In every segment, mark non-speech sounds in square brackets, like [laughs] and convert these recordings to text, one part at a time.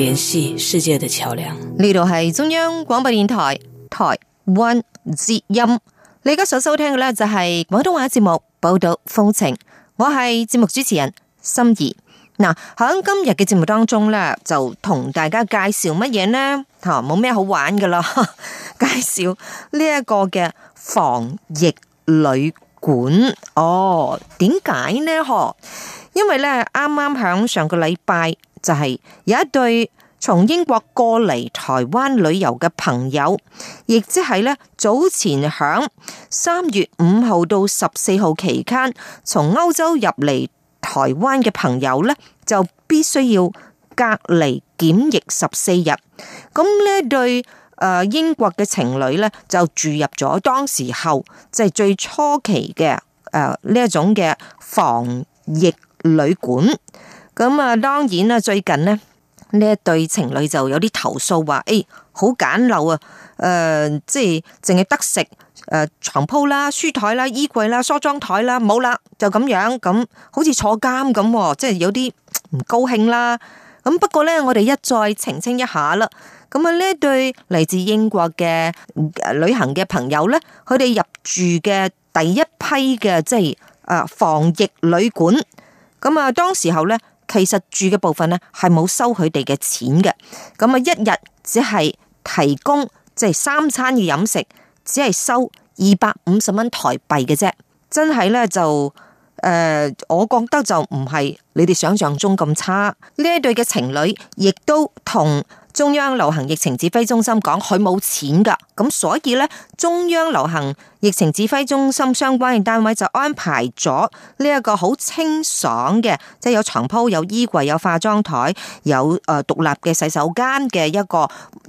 聯繫世界的橋樑。呢度係中央廣播電台台灣之音。你而家所收聽嘅咧就係廣東話節目《寶島風情》，我係節目主持人心怡。嗱，喺今日嘅節目當中咧，就同大家介紹乜嘢呢？吓、啊，冇咩好玩噶啦，介紹呢一個嘅防疫旅館。哦，點解呢？嗬，因為咧，啱啱響上個禮拜就係有一對。從英國過嚟台灣旅遊嘅朋友，亦即係咧早前響三月五號到十四號期間，從歐洲入嚟台灣嘅朋友咧，就必須要隔離檢疫十四日。咁呢對誒英國嘅情侶咧，就住入咗當時候即係最初期嘅誒呢一種嘅防疫旅館。咁啊，當然啦，最近呢。呢一對情侶就有啲投訴話，誒、哎，好簡陋啊！誒、呃，即係淨係得食誒、呃、床鋪啦、書台啦、衣櫃啦、梳妝台啦，冇啦，就咁樣，咁好似坐監咁、哦，即係有啲唔高興啦。咁不過咧，我哋一再澄清一下啦。咁啊，呢一對嚟自英國嘅旅行嘅朋友咧，佢哋入住嘅第一批嘅即係誒防疫旅館，咁啊，當時候咧。其實住嘅部分咧係冇收佢哋嘅錢嘅，咁啊一日只係提供即係、就是、三餐嘅飲食，只係收二百五十蚊台幣嘅啫，真係咧就誒、呃，我覺得就唔係你哋想象中咁差。呢一對嘅情侶亦都同。中央流行疫情指揮中心講佢冇錢噶，咁所以呢，中央流行疫情指揮中心相關嘅單位就安排咗呢一個好清爽嘅，即係有床鋪有、有衣櫃、有化妝台、有誒獨立嘅洗手間嘅一個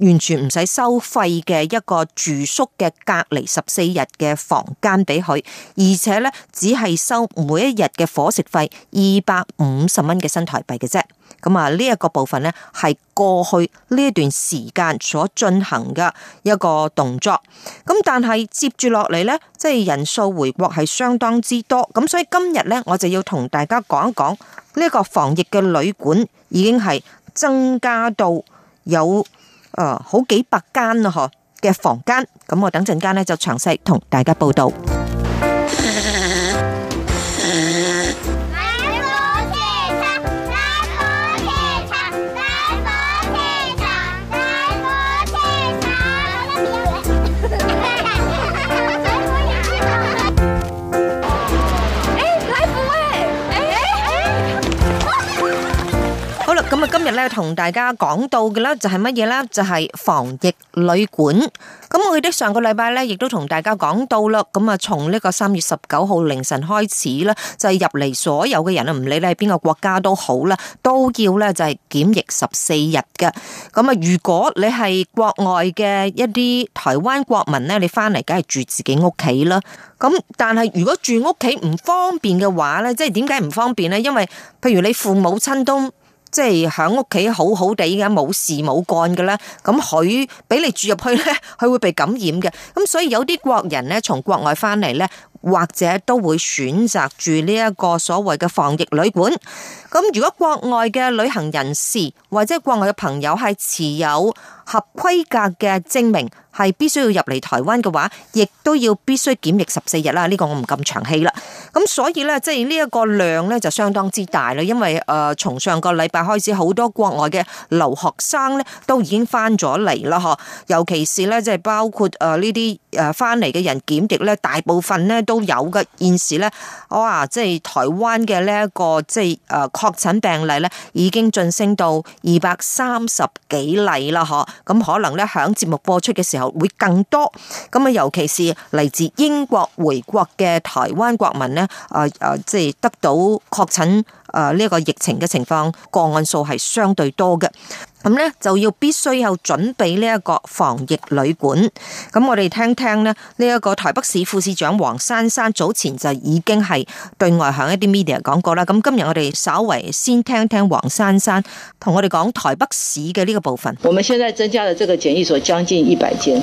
完全唔使收費嘅一個住宿嘅隔離十四日嘅房間俾佢，而且呢，只係收每一日嘅伙食費二百五十蚊嘅新台幣嘅啫。咁啊，呢一個部分呢，係過去呢一段時間所進行嘅一個動作。咁但係接住落嚟呢，即係人數回國係相當之多。咁所以今日呢，我就要同大家講一講呢一個防疫嘅旅館已經係增加到有誒好幾百間啊，嗬，嘅房間。咁我等陣間呢，就詳細同大家報道。同大家講到嘅啦，就係乜嘢咧？就係防疫旅館。咁我啲上個禮拜呢，亦都同大家講到啦。咁啊，從呢個三月十九號凌晨開始啦，就係入嚟所有嘅人啊，唔理你係邊個國家都好啦，都要咧就係檢疫十四日嘅。咁啊，如果你係國外嘅一啲台灣國民呢，你翻嚟梗係住自己屋企啦。咁但係如果住屋企唔方便嘅話呢，即係點解唔方便呢？因為譬如你父母親都。即係喺屋企好好地嘅冇事冇干嘅咧，咁佢俾你住入去咧，佢會被感染嘅。咁所以有啲國人咧，從國外翻嚟咧，或者都會選擇住呢一個所謂嘅防疫旅館。咁如果國外嘅旅行人士或者係國外嘅朋友係持有合規格嘅證明，係必須要入嚟台灣嘅話，亦都要必須檢疫十四日啦。呢個我唔咁長氣啦。咁所以咧，即係呢一個量咧就相當之大啦，因為誒、呃、從上個禮拜開始，好多國外嘅留學生咧都已經返咗嚟啦，嗬，尤其是咧即係包括誒呢啲。誒，返嚟嘅人檢疫咧，大部分咧都有嘅。現時咧，我話即係台灣嘅呢一個即係誒確診病例咧，已經晉升到二百三十幾例啦，嗬。咁可能咧響節目播出嘅時候會更多。咁啊，尤其是嚟自英國回國嘅台灣國民咧，啊啊即係得到確診。誒，呢一個疫情嘅情況，個案數係相對多嘅。咁呢，就要必須有準備呢一個防疫旅館。咁我哋聽聽呢，呢、呢、一個台北市副市長黃珊珊早前就已經係對外響一啲 media 講過啦。咁今日我哋稍為先聽，聽聽黃珊珊同我哋講台北市嘅呢個部分。我們現在增加了這個檢疫所將近一百間。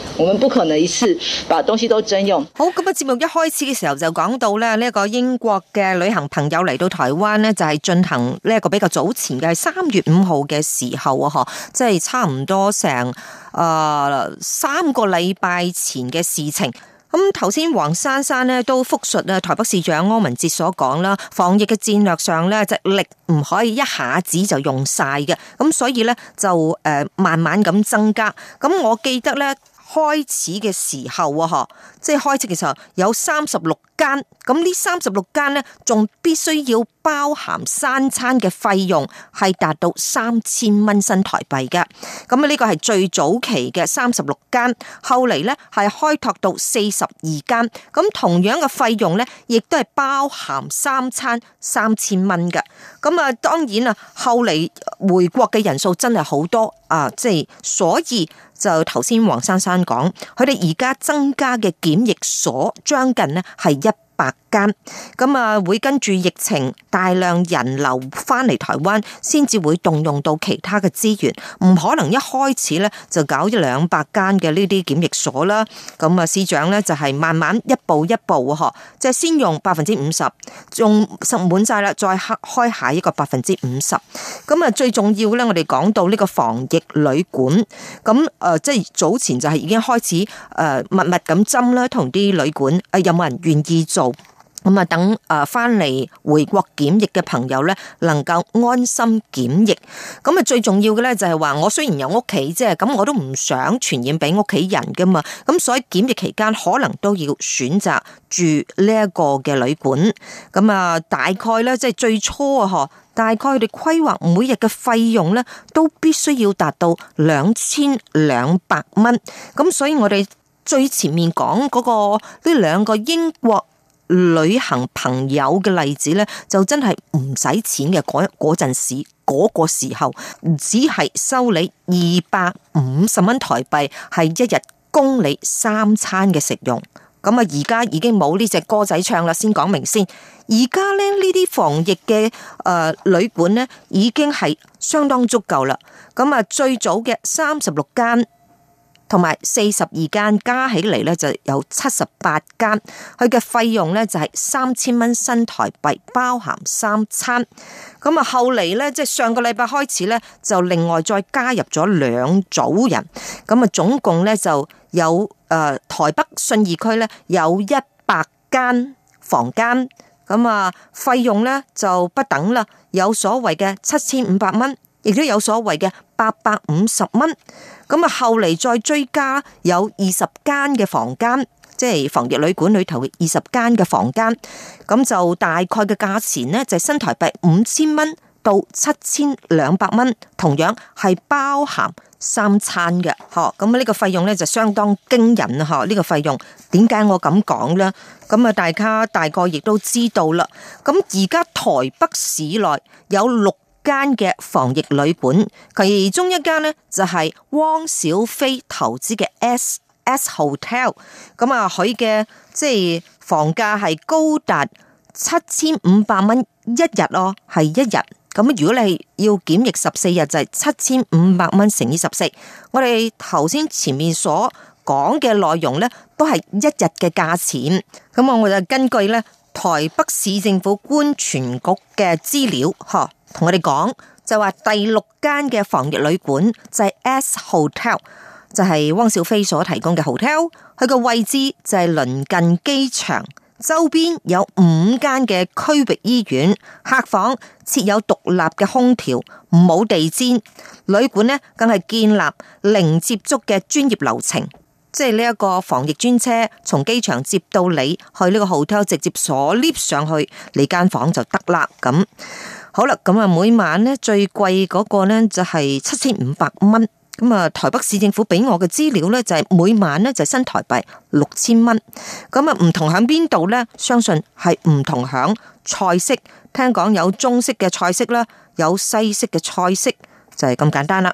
我們不可能一次把東西都徵用。好咁啊！節目一開始嘅時候就講到咧，呢一個英國嘅旅行朋友嚟到台灣咧，就係進行呢一個比較早前嘅，係三月五號嘅時候啊，嗬，即係差唔多成誒三個禮拜前嘅事情。咁頭先黃珊珊咧都複述啊，台北市長柯文哲所講啦，防疫嘅戰略上咧就力唔可以一下子就用晒嘅，咁所以咧就誒慢慢咁增加。咁我記得咧。開始嘅時候啊，呵，即係開始嘅時候，時候有三十六。間咁呢三十六間呢，仲必須要包含三餐嘅費用，係達到三千蚊新台幣噶。咁啊，呢個係最早期嘅三十六間，後嚟呢係開拓到四十二間。咁同樣嘅費用呢，亦都係包含三餐三千蚊噶。咁啊，當然啦，後嚟回國嘅人數真係好多啊，即、呃、係所以就頭先黃珊珊講，佢哋而家增加嘅檢疫所將近呢係一。百間咁啊，會跟住疫情大量人流翻嚟台灣，先至會動用到其他嘅資源，唔可能一開始咧就搞一兩百間嘅呢啲檢疫所啦。咁啊，市長咧就係慢慢一步一步呵，即係先用百分之五十，用實滿晒啦，再開下一個百分之五十。咁啊，最重要咧，我哋講到呢個防疫旅館，咁誒，即係早前就係已經開始誒密密咁斟啦，同啲旅館誒有冇人願意做？咁啊，等啊翻嚟回國檢疫嘅朋友咧，能夠安心檢疫。咁啊，最重要嘅咧就係話，我雖然有屋企啫，咁我都唔想傳染俾屋企人噶嘛。咁所以檢疫期間可能都要選擇住呢一個嘅旅館。咁啊、就是，大概咧即係最初啊，嗬，大概佢哋規劃每日嘅費用咧，都必須要達到兩千兩百蚊。咁所以我哋最前面講嗰、那個呢兩個英國。旅行朋友嘅例子呢，就真係唔使錢嘅嗰，嗰陣時，嗰、嗰個時候只係收你二百五十蚊台幣，係一日供你三餐嘅食用。咁、嗯、啊，而家已經冇呢隻歌仔唱啦。先講明先，而家咧呢啲防疫嘅誒、呃、旅館呢，已經係相當足夠啦。咁、嗯、啊，最早嘅三十六間。同埋四十二間加起嚟咧，就有七十八間。佢嘅費用咧，就係三千蚊新台幣，包含三餐。咁啊，後嚟咧，即係上個禮拜開始咧，就另外再加入咗兩組人。咁啊，總共咧就有誒台北信義區咧有一百間房間。咁啊，費用咧，就不等啦，有所謂嘅七千五百蚊，亦都有所謂嘅八百五十蚊。咁啊，後嚟再追加有二十間嘅房間，即係防疫旅館裏頭嘅二十間嘅房間，咁就大概嘅價錢呢，就係新台幣五千蚊到七千兩百蚊，同樣係包含三餐嘅，咁啊，呢個費用咧就相當驚人，呢個費用點解我咁講呢？咁啊，大家大概亦都知道啦。咁而家台北市內有六。間嘅防疫旅館，其中一間呢就係汪小菲投資嘅 S S Hotel。咁啊，佢嘅即係房價係高達七千五百蚊一日咯，係一日。咁如果你要檢疫十四日，就係七千五百蚊乘以十四。我哋頭先前面所講嘅內容呢，都係一日嘅價錢。咁啊，我就根據呢台北市政府觀傳局嘅資料，吓。同我哋講就話第六間嘅防疫旅館就係 S Hotel，就係汪小菲所提供嘅 hotel。佢個位置就係鄰近機場，周邊有五間嘅區域醫院。客房設有獨立嘅空調，冇地氈。旅館咧更係建立零接觸嘅專業流程。即係呢一個防疫專車，從機場接到你去呢個 hotel，直接鎖 lift 上去你間房就得啦。咁好啦，咁啊每晚咧最貴嗰個咧就係七千五百蚊。咁啊台北市政府俾我嘅資料咧就係每晚咧就係新台幣六千蚊。咁啊唔同響邊度咧，相信係唔同響菜式。聽講有中式嘅菜式啦，有西式嘅菜式，就係咁簡單啦。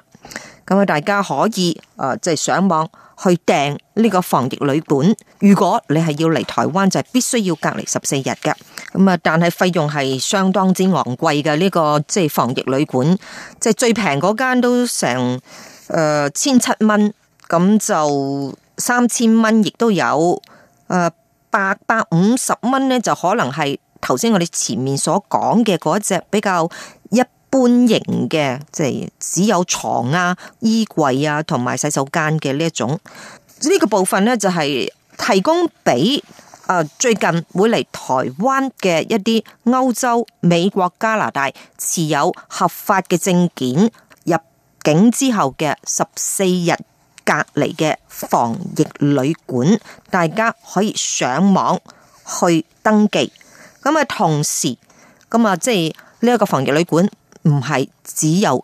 咁啊大家可以啊，即係上網去訂呢個防疫旅館，如果你係要嚟台灣，就係必須要隔離十四日嘅。咁啊，但係費用係相當之昂貴嘅呢個即係防疫旅館，即係最平嗰間都成誒千七蚊，咁就三千蚊亦都有，誒八百五十蚊咧就可能係頭先我哋前面所講嘅嗰隻比較。半型嘅，即係、就是、只有床啊、衣櫃啊同埋洗手間嘅呢一種，呢、這個部分咧就係提供俾誒最近會嚟台灣嘅一啲歐洲、美國、加拿大持有合法嘅證件入境之後嘅十四日隔離嘅防疫旅館，大家可以上網去登記。咁啊，同時咁啊，即係呢一個防疫旅館。唔係只有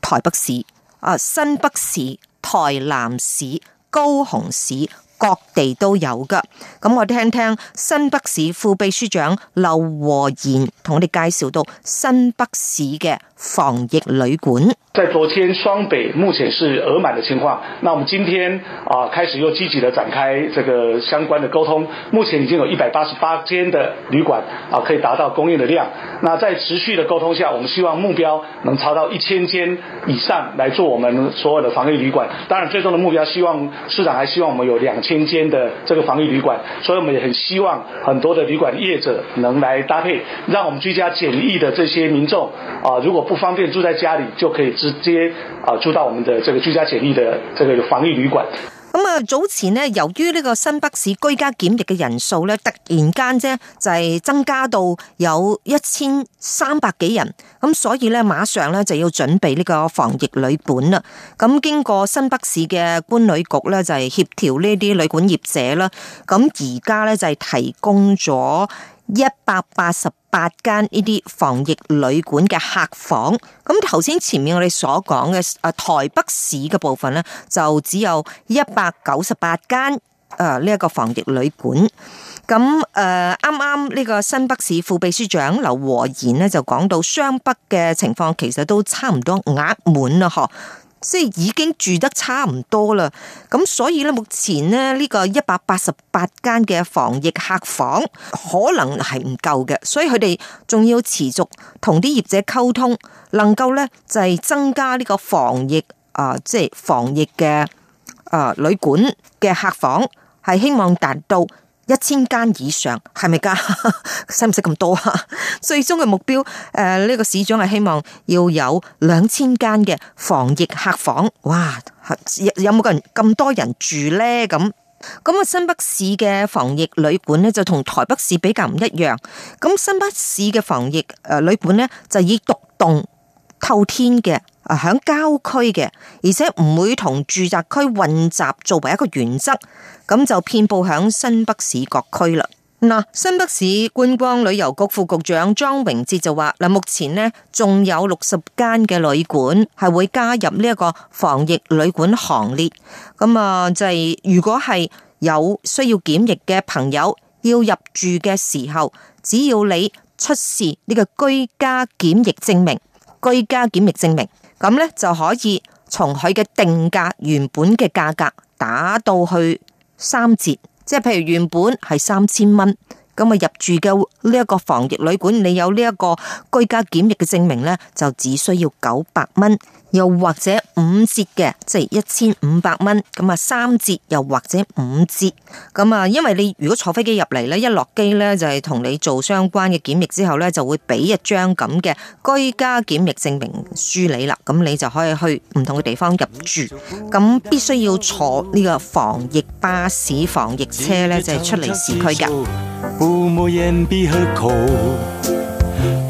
台北市啊，新北市、台南市、高雄市各地都有噶。咁我哋聽聽新北市副秘書長劉和賢同我哋介紹到新北市嘅。防疫旅館，在昨天雙北目前是額滿的情況，那我們今天啊開始又積極的展開這個相關的溝通，目前已經有一百八十八間的旅館啊可以達到供應的量，那在持續的溝通下，我們希望目標能超到一千間以上來做我們所有的防疫旅館，當然最終的目標希望市長還希望我們有兩千間的這個防疫旅館，所以我們也很希望很多的旅館業者能來搭配，讓我們居家檢疫的這些民眾啊如果。不方便住在家裏，就可以直接啊住到我們的這個居家檢疫的這個防疫旅館。咁啊，早前呢，由於呢個新北市居家檢疫嘅人數咧突然間啫就係增加到有一千三百幾人，咁所以咧馬上咧就要準備呢個防疫旅館啦。咁經過新北市嘅官旅局咧就係協調呢啲旅館業者啦，咁而家咧就係提供咗。一百八十八間呢啲防疫旅館嘅客房，咁頭先前面我哋所講嘅啊台北市嘅部分呢，就只有一百九十八間啊呢一個防疫旅館，咁誒啱啱呢個新北市副秘書長劉和賢呢，就講到雙北嘅情況其實都差唔多額滿啦嗬。即係已經住得差唔多啦，咁所以咧，目前咧呢個一百八十八間嘅防疫客房可能係唔夠嘅，所以佢哋仲要持續同啲業者溝通，能夠咧就係增加呢個防疫啊，即係防疫嘅啊旅館嘅客房，係希望達到。一千間以上係咪㗎？使唔使咁多啊？ [laughs] 最終嘅目標，誒、呃、呢、呢個市長係希望要有兩千間嘅防疫客房。哇，有有冇人咁多人住呢？咁咁啊，新北市嘅防疫旅館呢，就同台北市比較唔一樣。咁新北市嘅防疫誒旅館呢，就以獨棟透天嘅。喺、啊、郊區嘅，而且唔會同住宅區混雜，作為一個原則，咁就遍布響新北市各區啦。嗱、啊，新北市觀光旅遊局副局長莊榮哲就話，嗱、啊，目前呢仲有六十間嘅旅館係會加入呢一個防疫旅館行列，咁啊就係、是、如果係有需要檢疫嘅朋友要入住嘅時候，只要你出示呢個居家檢疫證明，居家檢疫證明。咁咧就可以從佢嘅定價原本嘅價格打到去三折，即係譬如原本係三千蚊，咁啊入住嘅呢一個防疫旅館，你有呢一個居家檢疫嘅證明咧，就只需要九百蚊。又或者五折嘅，即係一千五百蚊。咁啊，三折又或者五折。咁啊，因為你如果坐飛機入嚟，呢一落機呢，就係同你做相關嘅檢疫之後呢，就會俾一張咁嘅居家檢疫證明書你啦。咁你就可以去唔同嘅地方入住。咁必須要坐呢個防疫巴士、防疫車呢，就係出嚟市區㗎。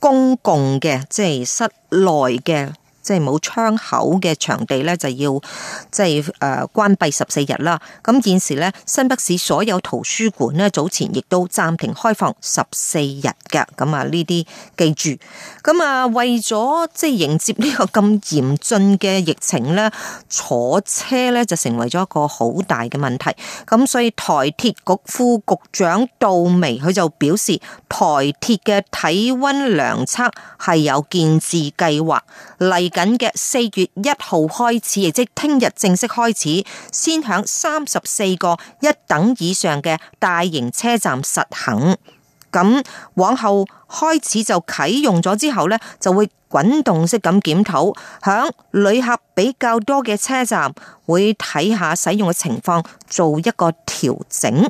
公共嘅，即係室內嘅。即係冇窗口嘅場地咧，就要即係誒，關閉十四日啦。咁現時咧，新北市所有圖書館咧，早前亦都暫停開放十四日嘅。咁啊，呢啲記住咁啊，為咗即係迎接呢個咁嚴峻嘅疫情咧，坐車咧，就成為咗一個好大嘅問題。咁所以台鐵局副局長杜眉佢就表示，台鐵嘅體溫量測係有建置計劃。嚟緊嘅四月一號開始，亦即聽日正式開始，先響三十四個一等以上嘅大型車站實行。咁往後開始就啟用咗之後呢，就會滾動式咁檢討，響旅客比較多嘅車站會睇下使用嘅情況，做一個調整。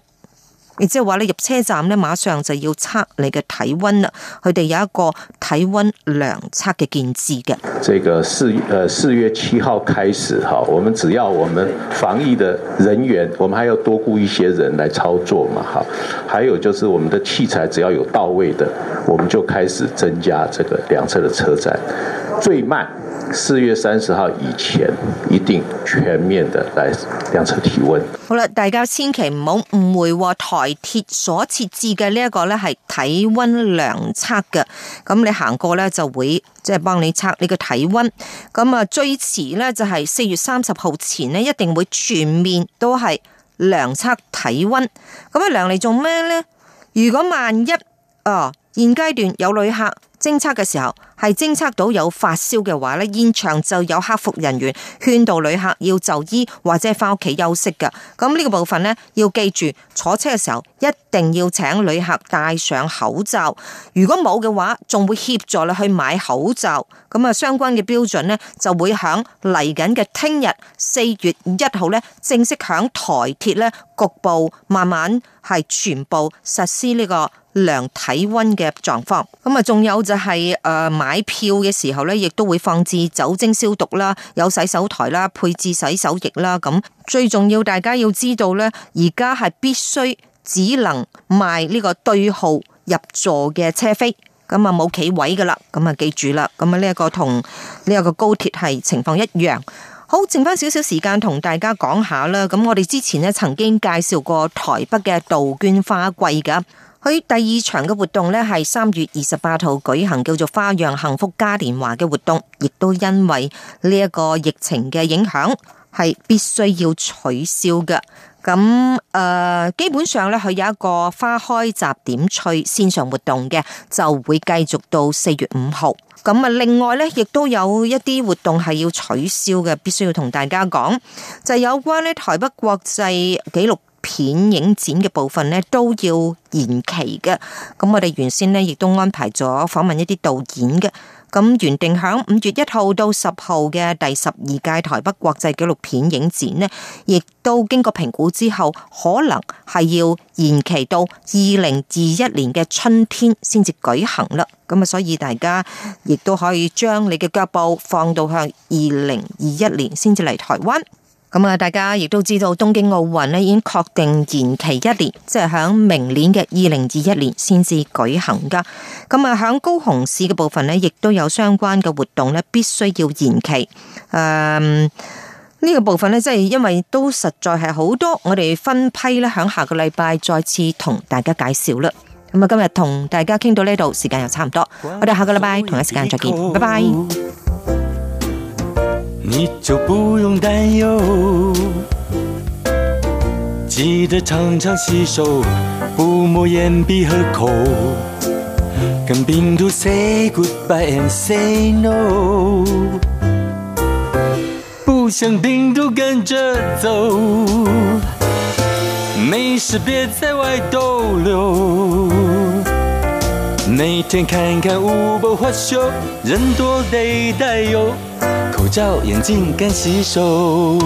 亦即係話你入車站咧，馬上就要測你嘅體溫啦。佢哋有一個體溫量測嘅建置嘅。這個四，誒，四月七號開始，哈，我們只要我們防疫的人員，我們還要多僱一些人來操作嘛，哈。還有就是我們的器材只要有到位的，我們就開始增加這個量測的車站。最慢四月三十號以前，一定全面的來量測體溫。好啦，大家千祈唔好誤會啊，話台。鐵所設置嘅呢一個咧係體溫量測嘅，咁你行過咧就會即係幫你測你嘅體溫，咁啊最遲咧就係四月三十號前咧一定會全面都係量測體溫，咁啊量嚟做咩咧？如果萬一啊，哦，現階段有旅客。偵測嘅時候，係偵測到有發燒嘅話，呢現場就有客服人員勸導旅客要就醫或者翻屋企休息噶。咁呢個部分呢，要記住坐車嘅時候一定要請旅客戴上口罩。如果冇嘅話，仲會協助你去買口罩。咁啊，相關嘅標準呢就會響嚟緊嘅聽日四月一號呢，正式響台鐵呢局部慢慢係全部實施呢個。量體溫嘅狀況，咁啊，仲有就係誒買票嘅時候咧，亦都會放置酒精消毒啦，有洗手台啦，配置洗手液啦，咁最重要，大家要知道咧，而家係必須只能賣呢個對號入座嘅車票，咁啊冇企位噶啦，咁啊記住啦，咁啊呢一個同呢個高鐵係情況一樣。好，剩翻，少少時間同大家講下啦，咁我哋之前咧曾經介紹過台北嘅杜鵑花季噶。佢第二場嘅活動呢，係三月二十八號舉行，叫做花樣幸福嘉年華嘅活動，亦都因為呢一個疫情嘅影響係必須要取消嘅。咁誒、呃，基本上呢，佢有一個花開集點翠線上活動嘅，就會繼續到四月五號。咁啊，另外呢，亦都有一啲活動係要取消嘅，必須要同大家講，就有關呢台北國際紀錄片影展嘅部分呢都要延期嘅，咁我哋原先呢亦都安排咗訪問一啲導演嘅，咁原定響五月一號到十號嘅第十二屆台北國際紀錄片影展呢，亦都經過評估之後，可能係要延期到二零二一年嘅春天先至舉行啦。咁啊，所以大家亦都可以將你嘅腳步放到向二零二一年先至嚟台灣。咁啊，大家亦都知道東京奧運咧，已經確定延期一年，即係響明年嘅二零二一年先至舉行噶。咁啊，響高雄市嘅部分呢，亦都有相關嘅活動呢，必須要延期。誒、嗯、呢、呢個部分呢，即係因為都實在係好多，我哋分批呢，響下個禮拜再次同大家介紹啦。咁啊，今日同大家傾到呢度，時間又差唔多，我哋下個禮拜同一時間再見，拜拜。你就不用擔憂，記得常常洗手，不抹眼鼻和口，跟病毒 say goodbye and say no，不想病毒跟着走，沒事別在外逗留，每天看看五瓣花秀，人多得帶油。照眼鏡，乾洗手。